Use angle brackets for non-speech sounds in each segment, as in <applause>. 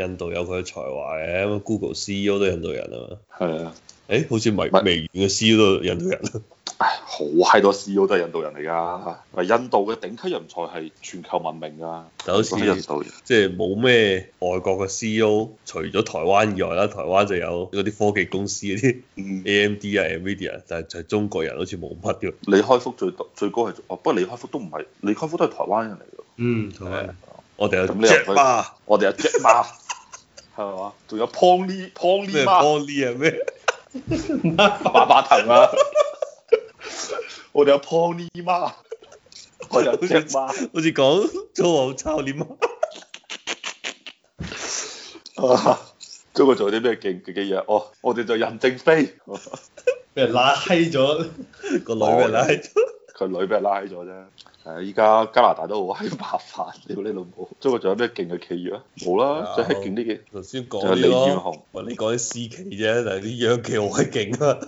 印度有佢嘅才華嘅，Google CEO 都係印度人啊嘛。係啊，誒好似微微軟嘅 CEO 都印度人。唉，好閪多 CEO 都係印度人嚟㗎。咪印度嘅頂級人才係全球聞名㗎。就好似印度即係冇咩外國嘅 CEO，除咗台灣以外啦，台灣就有嗰啲科技公司啲 AMD 啊、Media 啊，但係就係中國人好似冇乜㗎。李開復最最高係，不過李開復都唔係，李開復都係台灣人嚟㗎。嗯，係。我哋有 Jack 我哋有 Jack 嘛。仲有 pony pony 咩？pony 係咩？馬馬騰啊！ <laughs> 馬馬啊 <laughs> 我哋有 pony 媽， <laughs> 我哋有隻媽，好似講粗口，臭啲媽。啊！中國做啲咩勁嘅嘢？哦，我哋就任正非俾人拉閪咗個女，俾人拉閪咗，佢 <laughs> 女俾人拉閪咗啫。係依家加拿大都好閪麻煩，屌你，你老母！中國仲有咩勁嘅企業啊？冇啦，最閪勁啲嘅，就頭先講李彥宏。喂，你講啲私企啫，但係啲央企好閪勁啊！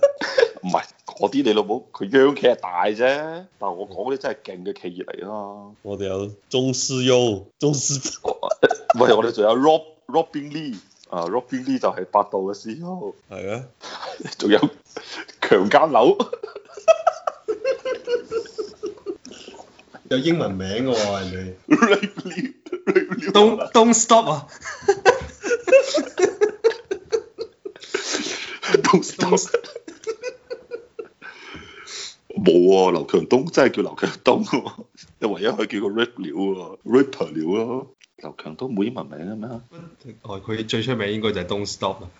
唔係，嗰啲你老母佢央企係大啫，但係我講嗰啲真係勁嘅企業嚟啊！ <laughs> 我哋有中石油、中石化。喂，我哋仲有 Rob Robin Lee 啊，Robin Lee 就係百度嘅 CEO。係啊嗎，仲 <laughs> 有強姦樓。有英文名嘅喎、啊，人哋。Don't Don't Stop 啊！冇啊，劉強東真係叫劉強東喎、啊，你 <laughs> 唯一佢叫佢 Rapper 喎，Rapper 鳥咯、啊。劉強東冇英文名嘅咩？哦，佢最出名應該就係 Don't Stop 啊。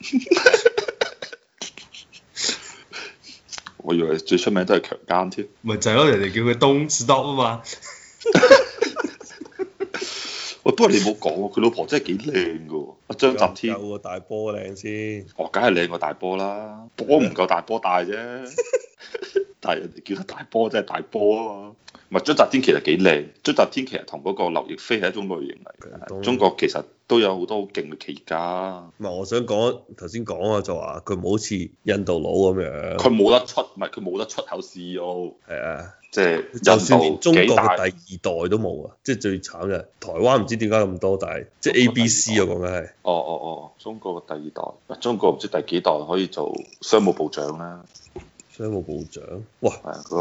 <laughs> 我以為最出名都係強姦添，咪就係咯，人哋叫佢東 stop 啊嘛。我 <laughs> <laughs> 不過你冇講，佢老婆真係幾靚㗎， <laughs> 張集天夠唔夠大波靚先？哦，梗係靚過大波啦，波唔夠大波大啫。 <laughs> <laughs> 叫得大波真係大波啊嘛！唔係章澤天其實幾靚，章澤天其實同嗰個劉亦菲係一種類型嚟嘅。中國其實都有好多好勁嘅企業家。唔係我想講頭先講啊，就話佢冇好似印度佬咁樣。佢冇得出，唔係佢冇得出口 CEO。係啊，即係、啊、就，就算連中國嘅第，大第二代都冇啊，即、就、係、是、最慘嘅，台灣唔知點解咁多，但係即係 ABC 啊。我講緊係。哦哦哦，哦，中國嘅第二代，中國唔知，不知第幾代可以做商務部長啦、啊。商務部長，哇，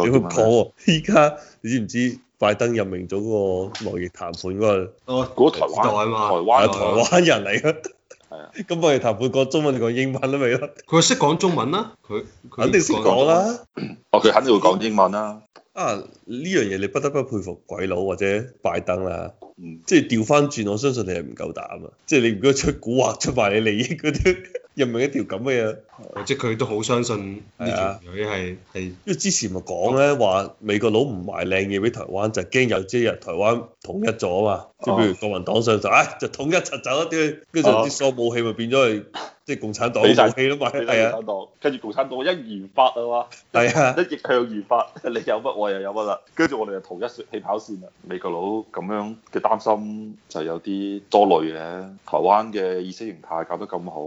點講喎？依家、啊、你知唔知拜登任命咗嗰個貿易談判嗰個？哦，嗰個台灣啊嘛，的台灣人嚟啊，咁貿易談判講中文講英文都未啊，佢識講中文啦，佢肯定識講啦。哦，佢肯定會講、啊哦、英文啦、啊嗯。啊，呢樣嘢你不得不佩服鬼佬或者拜登啦、啊。嗯、即係調翻轉，我相信你係唔夠膽啊！即、就、係、是、你如果、就是、出蠱惑、出賣你利益嗰啲，任 <laughs> 命一條咁嘅嘢。即係佢都好相信呢條女係係，啊、因為之前咪講咧話美國佬唔賣靚嘢俾台灣，就係驚有朝一日台灣統一咗啊嘛。即係譬如國民黨上台，唉、哎、就統一就統一走一啲，跟住啲所有武器咪變咗去，即、就、係、是、共產黨武器咯嘛。係在啊，跟住共，共產黨一研發啊嘛，係啊，一逆向研發，你有乜我又有乜啦。跟住我哋就同一起跑線啦。美國佬咁樣嘅擔心就有啲多慮嘅。台灣嘅意識形態搞得咁好，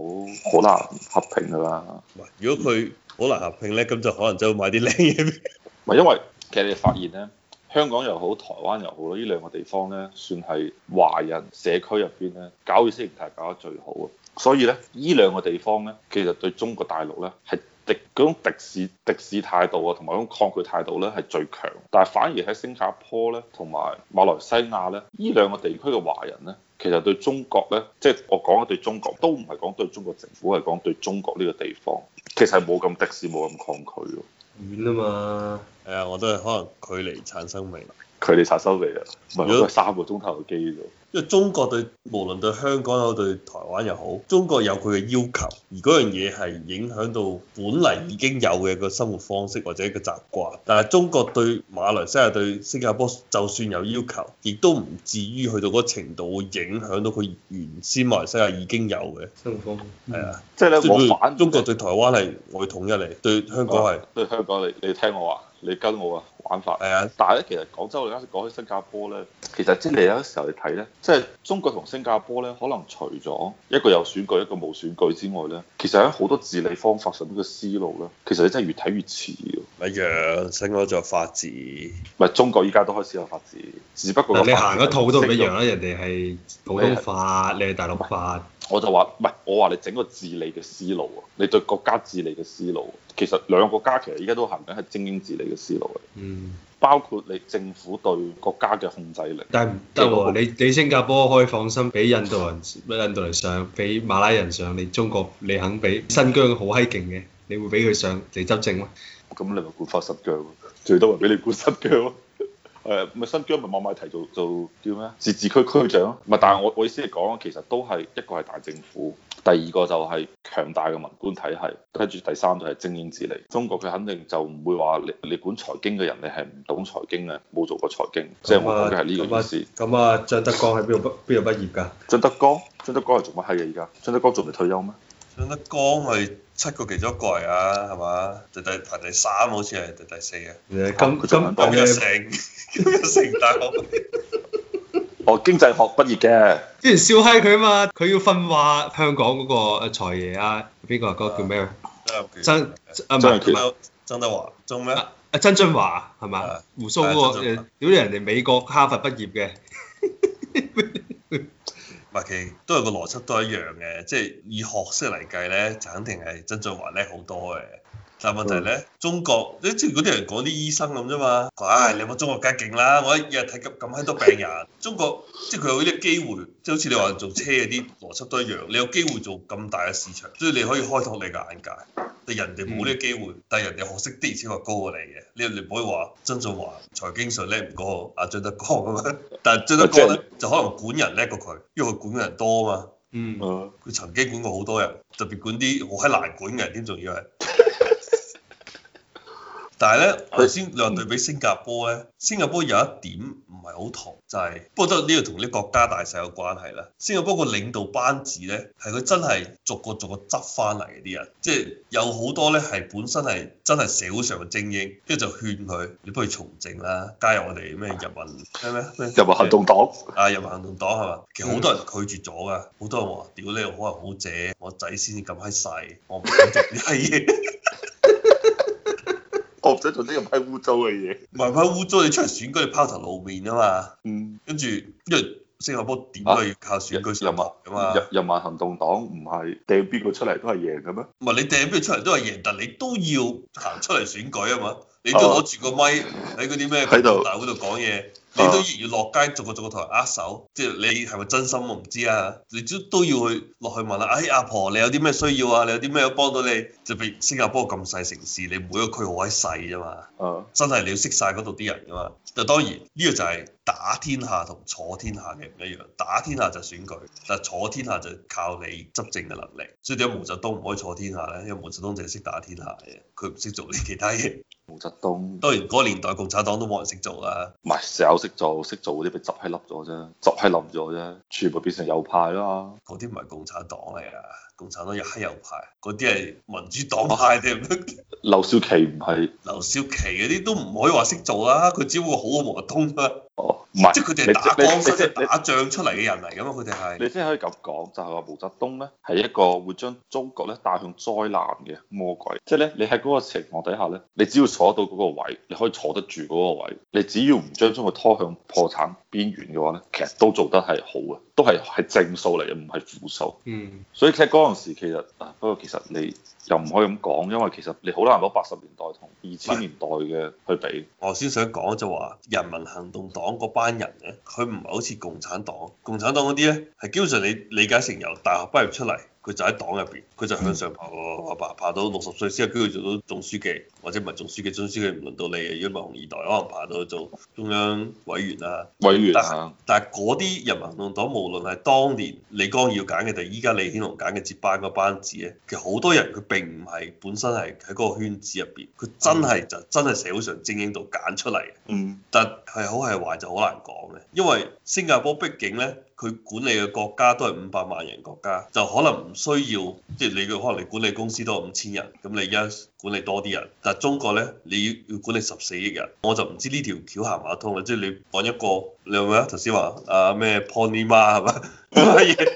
好難和平噶啦。啊，如果佢好難合併呢，咁就可能就會買啲靚嘢。唔係，因為其實你發現呢，香港又好，台灣又好呢，呢兩個地方呢，算係華人社區入邊呢，搞意識形態搞得最好啊。所以呢，呢兩個地方呢，其實對中國大陸呢，係敵嗰種敵視、敵視態度啊，同埋嗰種抗拒態度呢，係最強。但係反而喺新加坡呢，同埋馬來西亞呢，呢兩個地區嘅華人呢。其實對中國咧，即係我講嘅對中國，都唔係講對中國政府，係講對中國呢個地方，其實係冇咁敵視，冇咁抗拒咯。遠啊嘛，係 <noise> <noise> 啊，我都係可能距離產生未來。佢哋插收嚟啦，唔係如三個鐘頭嘅機。因為中國對無論對香港又好，對台灣又好，中國有佢嘅要求，而嗰樣嘢係影響到本嚟已經有嘅個生活方式或者一個習慣。但係中國對馬來西亞對新加坡，就算有要求，亦都唔至於去到嗰程度會影響到佢原先馬來西亞已經有嘅生活方式。係啊的，即係咧，講反。中國對台灣係我要統一嚟，對香港係對香港你，你你聽我話、啊啊，你跟我啊。玩法係啊，但係咧，其實廣州我哋啱先講起新加坡咧，其實即係你有啲時候你睇咧，即、就、係、是、中國同新加坡咧，可能除咗一個有選舉，一個冇選舉之外咧，其實喺好多治理方法上邊嘅思路咧，其實你真係越睇越似㗎。一樣、哎，新加坡有法治，唔係中國依家都開始有法治，只不過你行嗰套都唔一樣啦、啊。人哋係普通法，你係是大陸法。 <laughs> 我就話，唔係，我話你整個治理嘅思路喎，你對國家治理嘅思路，其實兩個國家其實依家都行緊係精英治理嘅思路嘅。嗯。包括你政府對國家嘅控制力。但係唔得喎，你你，新加坡可以放心俾印度人、咩印度人上，俾馬拉人上，你中國你肯俾新疆好閪勁嘅，你會俾佢上嚟執政咩？咁、嗯、你咪孤發濕腳，最多咪俾你孤濕腳。誒咪新疆咪馬馬提做做叫咩自治區區長咪。但係我我意思係講，其實都係一個係大政府，第二個就係強大嘅文官體系，跟住第三就係精英治理。中國佢肯定就唔會話你你管財經嘅人，你係唔懂財經嘅，冇做過財經，即係我覺得係呢個意思。咁啊，啊，張德江喺邊度畢邊度畢業㗎？張德江，張德江係做乜閪嘅而家？張德江仲未退休咩？張德江係七個其中一個嚟啊，係嘛？第第排第三好似係第第四啊。咁，咁，咁，日成今日成大學，我經濟學畢業嘅。之前笑閪佢啊嘛，佢要訓話香港嗰個財爺啊，邊個啊？嗰叫咩？曾啊唔係曾德華，曾咩？啊曾俊華係嘛？鬍鬚屌人哋美國哈佛畢業嘅。其實都係個邏輯都係一樣嘅，即係以學識嚟計咧，就肯定係曾俊華叻好多嘅。但係問題咧，中國即係即係嗰啲人講啲醫生咁啫嘛。唉、哎，你冇中國梗勁啦！我一日睇咁咁閪多病人， <laughs> 中國即係佢有啲機會，即係好似你話做車嗰啲邏輯都一樣。你有機會做咁大嘅市場，所以你可以開拓你嘅眼界。但人哋冇呢個機會，嗯、但係人哋學識啲錢又高過你嘅。你你唔可以話曾俊華財經上叻唔過阿、啊、張德江咁樣。但係張德江咧者就可能管人叻過佢，因為佢管人多啊嘛。嗯，佢、嗯嗯、曾經管過好多人，特別管啲好閪難管嘅人，添仲要係。但係咧，頭先、嗯、你話對比新加坡咧，新加坡有一點唔係好強，就係、是、不過都呢度同啲國家大細有關係啦。新加坡個領導班子咧，係佢真係逐個逐個執翻嚟嘅啲人，即、就、係、是、有好多咧係本身係真係社會上嘅精英，跟住就勸佢，你不如從政啦，加入我哋咩人民咩咩咩人民行動黨啊，人民行動黨係嘛？其實好多人拒絕咗㗎，好、嗯、多人話屌你，好係好姐，我仔先至咁閪細，我唔想做 <laughs> 我唔使做啲咁閪污糟嘅嘢。唔係閪污糟，你出嚟選舉，你拋頭露面啊嘛。嗯。跟住，因為星加坡點可以靠選舉上位啊嘛。人人民行動黨唔係掟邊個出嚟都係贏嘅咩？唔係你掟邊個出嚟都係贏，但你都要行出嚟選舉啊嘛。 <laughs> 你都攞住個咪，喺嗰啲咩喺大會度講嘢。你都要落街逐個逐個同人握手，即係你係咪真心我唔知啊！你都都要去落去問下：「哎，阿婆，你有啲咩需要啊？你有啲咩幫到你？就譬如新加坡咁細城市，你每個區好閪細啫嘛。嗯、真係你要識晒嗰度啲人噶嘛？就當然呢個就係打天下同坐天下嘅唔一樣。打天下就選舉，但係坐天下就靠你執政嘅能力。所以點解毛澤東唔可以坐天下咧？因為毛澤東淨係識打天下嘅，佢唔識做啲其他嘢。毛澤東當然嗰個年代共產黨都冇人識做啊，唔係成日有識做，識做嗰啲俾集喺笠咗啫，集喺冧咗啫，全部變成右派啦。嗰啲唔係共產黨嚟，啊，共產黨又係右派，嗰啲係民主黨派定乜？劉 <laughs> 少奇唔係，劉少奇嗰啲都唔可以話識做啦，佢只不過好過毛澤東啫。哦唔係，即係佢哋係打光即係打仗出嚟嘅人嚟㗎嘛，佢哋係。你先可以咁講，就係話毛澤東咧係一個會將中國咧帶向災難嘅魔鬼。即係咧，你喺嗰個情況底下咧，你只要坐到嗰個位，你可以坐得住嗰個位，你只要唔將中國拖向破產邊緣嘅話咧，其實都做得係好嘅，都係係正數嚟嘅，唔係負數。嗯。所以喺嗰陣時其實啊，不過其實你又唔可以咁講，因為其實你好難攞八十年代同二千年代嘅去比。嗯。我先想講就話人民行動黨個班。班人咧，佢唔係好似共產黨，共產黨嗰啲咧，係基本上你理解成由大學畢業出嚟。佢就喺黨入邊，佢就向上爬，爬爬到六十歲先有機會做到總書記，或者唔係總書記，總書記唔輪到你啊！如果唔係紅二代，可能爬到做中央委員啦。委員、啊但。但係嗰啲人民行動黨，無論係當年李光耀揀嘅，定依家李顯龍揀嘅接班個班子咧，其實好多人佢並唔係本身係喺嗰個圈子入邊，佢真係、嗯、就真係社會上精英度揀出嚟嘅。嗯。但係好係壞就好難講嘅，因為新加坡畢竟咧。佢管理嘅國家都係五百萬人國家，就可能唔需要，即係你嘅可能你管理公司都係五千人，咁你而家管理多啲人，但係中國咧你要管理十四億人，我就唔知呢條橋行唔行通啦。即係你講一個你，你係咪啊？頭先話啊咩 Pony Ma 係咪？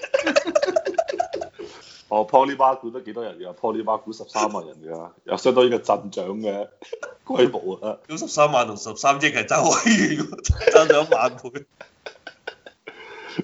哦 Pony Ma 管得幾多人㗎？Pony Ma 管十三萬人㗎、啊，又相當於個鎮長嘅規模啊！咁十三萬同十三億係爭幾遠？爭咗萬倍。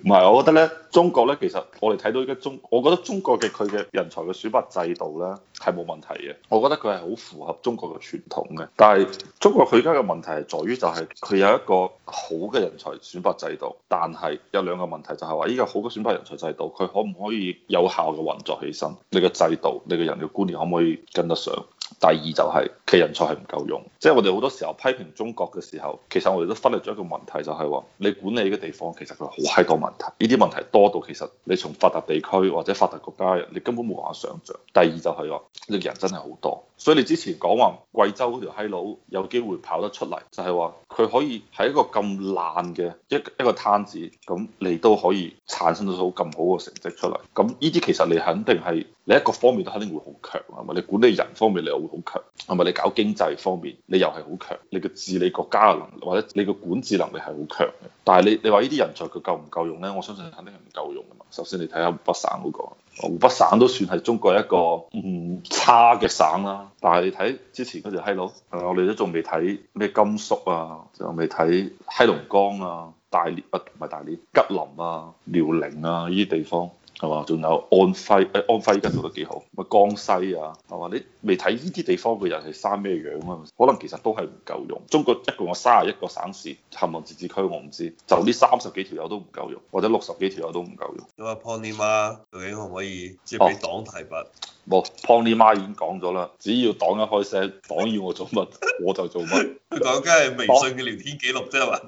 唔係，我覺得咧，中國咧，其實我哋睇到依家中，我覺得中國嘅佢嘅人才嘅選拔制度咧係冇問題嘅，我覺得佢係好符合中國嘅傳統嘅。但係中國佢而家嘅問題係在於就係、是、佢有一個好嘅人才選拔制度，但係有兩個問題就係話依個好嘅選拔人才制度，佢可唔可以有效嘅運作起身？你嘅制度，你個人嘅觀念可唔可以跟得上？第二就係其人才係唔夠用，即係我哋好多時候批評中國嘅時候，其實我哋都忽略咗一個問題，就係話你管理嘅地方其實佢好閪多問題，呢啲問題多到其實你從發達地區或者發達國家，你根本冇辦法想象。第二就係話你人真係好多，所以你之前講話貴州嗰條閪佬有機會跑得出嚟，就係話佢可以喺一個咁爛嘅一一個攤子，咁你都可以產生到咁好嘅成績出嚟。咁呢啲其實你肯定係。你一個方面都肯定會好強，係咪？你管理人方面你又會好強，係咪？你搞經濟方面你又係好強，你嘅治理國家嘅能力或者你嘅管治能力係好強嘅。但係你你話呢啲人才佢夠唔夠用呢？我相信肯定係唔夠用嘅嘛。首先你睇下湖北省嗰個，湖北省都算係中國一個唔差嘅省啦。但係你睇之前嗰條閪佬，Hello, 我哋都仲未睇咩甘肅啊，仲未睇黑龍江啊、大連啊，唔係大連，吉林啊、遼寧啊呢啲地方。係嘛？仲有安徽誒？安徽依家做得幾好？咪江西啊？係嘛？你未睇呢啲地方嘅人係生咩樣啊？可能其實都係唔夠用。中國一共有卅一個省市，含蒙自治區，我唔知。就呢三十幾條友都唔夠用，或者六十幾條友都唔夠用。咁阿 Pony 馬究竟可唔可以接俾黨提拔？冇、嗯、Pony 馬已經講咗啦，只要黨一開聲，黨要我做乜 <laughs> 我就做乜。佢講緊係微信嘅聊天記錄啫嘛？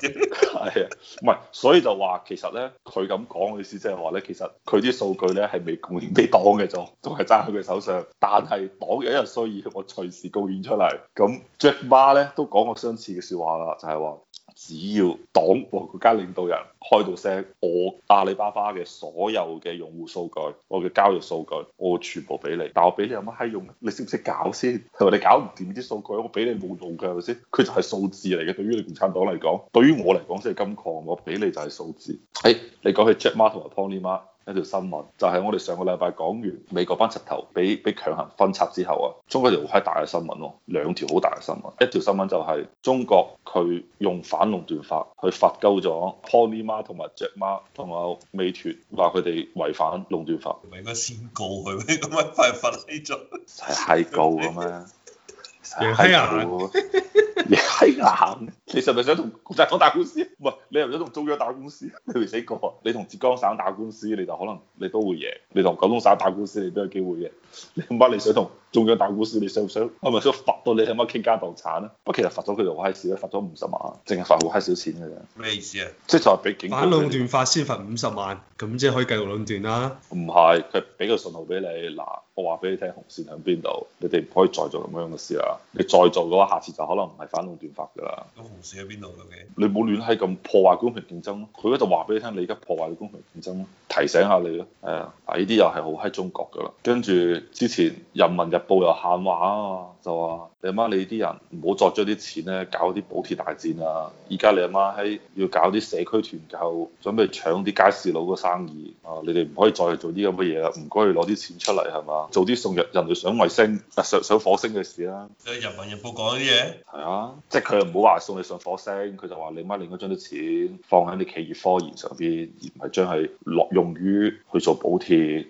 係啊， <laughs> 唔係，所以就話其實咧，佢咁講嘅意思即係話咧，其實佢啲。數據咧係未公佈俾黨嘅，就都係揸喺佢手上。但係黨有一日需要，我隨時公佈出嚟。咁 Jack 馬咧都講過相似嘅說話啦，就係、是、話只要黨和國家領導人開到聲，我阿里巴巴嘅所有嘅用戶數據，我嘅交易數據，我全部俾你。但我俾你有乜閪用？你識唔識搞先？同埋你搞唔掂啲數據，我俾你冇用嘅係咪先？佢就係數字嚟嘅。對於你共產黨嚟講，對於我嚟講先係金礦。我俾你就係數字。誒、哎，你講起 Jack 馬同埋 Tony 馬。一條新聞就係、是、我哋上個禮拜講完美國班賊頭俾俾強行分拆之後啊，中國條好大嘅新聞咯，兩條好大嘅新聞，一條新聞就係中國佢用反壟斷法去罰鳩咗 Pony 馬同埋雀馬同埋美團，話佢哋違反壟斷法，唔係應該先告佢咩？咁一快又罰低咗，係係告咁啊，係告。你係難，你係咪想同共產黨打官司？唔係，你係咪想同中央打官司？你未死過，你同浙江省打官司，你就可能你都會贏；你同廣東省打官司，你都有機會贏。你唔好你想同。仲有大股市，你想唔想？我咪想罰到你阿媽傾家蕩產啊！不過其實罰咗佢就好閪事啦，罰咗五十萬，淨係罰好閪少錢嘅啫。咩意思啊？即係就係俾警告，反壟斷法先罰五十萬，咁即係可以繼續壟斷啦。唔係，佢俾個信號俾你嗱，我話俾你聽紅線喺邊度，你哋唔可以再做咁樣嘅事啊！你再做嘅話，下次就可能唔係反壟斷法噶啦。咁紅線喺邊度？你冇亂喺咁破壞公平競爭，佢喺度話俾你聽，你而家破壞公平競爭，提醒下你咯。係、嗯、啊，嗱，呢啲又係好喺中國噶啦。跟住之前人民日報有喊話啊，就話你阿媽，媽你啲人唔好再將啲錢咧搞啲補貼大戰啊！而家你阿媽喺要搞啲社區團購，準備搶啲街市佬嘅生意啊！你哋唔可以再做啲咁嘅嘢啦，唔該你攞啲錢出嚟係嘛，做啲送人上衛星，人哋上衞星上上火星嘅事啦、啊。你人民日報講啲嘢？係啊，即係佢又唔好話送你上火星，佢就話你阿媽，媽你應該將啲錢放喺啲企業科研上邊，而唔係將係落用於去做補貼。